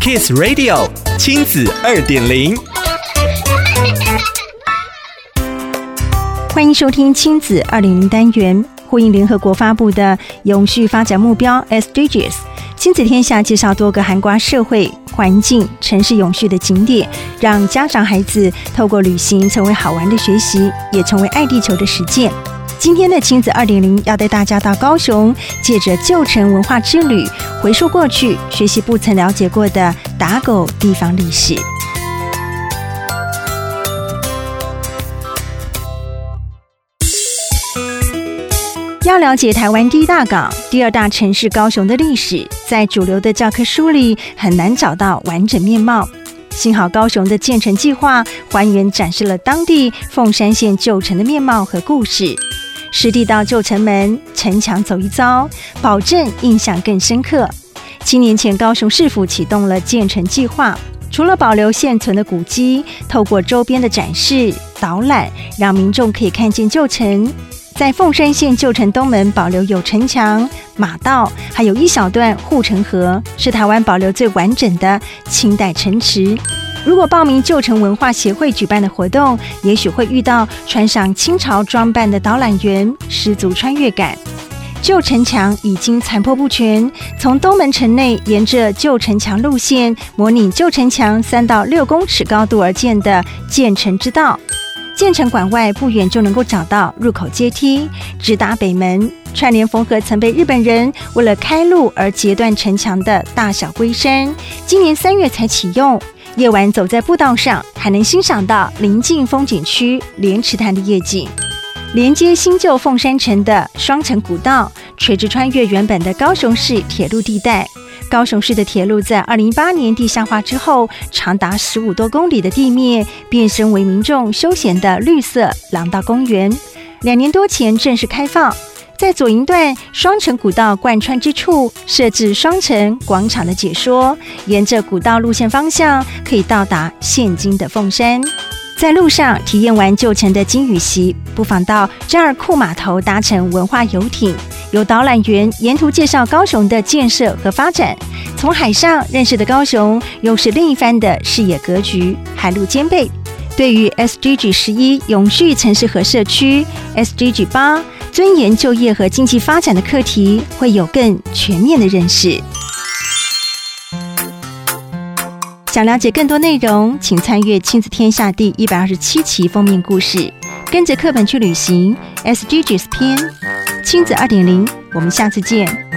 Kiss Radio 親子二點零，歡迎收聽親子二點零單元，呼應聯合國發佈的永續發展目標 SDGs。親子天下介紹多個涵括社會、環境、城市永續的景點，讓家長、孩子透過旅行成為好玩的學習，也成為愛地球的實踐。今天的親子2.0要帶大家到高雄，借着舊城文化之旅，回溯過去，學習不曾了解過的打狗地方歷史。要了解台灣第一大港、第二大城市高雄的歷史，在主流的教科書裡很難找到完整面貌。幸好高雄的見城計畫還原展示了當地鳳山縣舊城的面貌和故事。實地到舊城門、城牆走一遭，保證印象更深刻。七年前，高雄市府啟動了建城計劃，除了保留現存的古蹟，透過周邊的展示導覽，讓民眾可以看見舊城。在鳳山縣舊城東門，保留有城牆、馬道，還有一小段護城河，是台灣保留最完整的清代城池。如果報名舊城文化協會舉辦的活動，也許會遇到穿上清朝裝扮的導覽員，十足穿越感。舊城牆已經殘破不全，從東門城內沿着舊城牆路線，模擬舊城牆三到六公尺高度而建的見城之道，見城館外不遠就能夠找到入口階梯，直達北門，串聯縫合曾被日本人為了開路而截斷城牆的大小龜山。今年三月才啟用，夜晚走在步道上，還能欣賞到臨近風景區蓮池潭的夜景。連接新舊鳳山城的雙城古道，垂直穿越原本的高雄市鐵路地帶。高雄市的鐵路在二零一八年地下化之後，長達十五多公里的地面變身為民眾休閒的綠色廊道公園，兩年多前正式開放。在左營段雙城古道貫穿之處，設置雙城廣場的解說，沿着古道路線方向，可以到達現今的鳳山。在路上體驗完舊城的今與昔，不妨到棧二庫碼頭搭乘文化遊艇，由導覽員沿途介紹高雄的建設和發展。從海上認識的高雄，又是另一番的視野格局，海陸兼備。對於 SDG 十一永續城市和社區，SDG 八尊嚴就業和經濟發展的課題，會有更全面的認識。想了解更多內容，請參閱《親子天下》第一百二十七期封面故事。跟着課本去旅行，《SDGs》篇，《親子二點零》。我們下次見。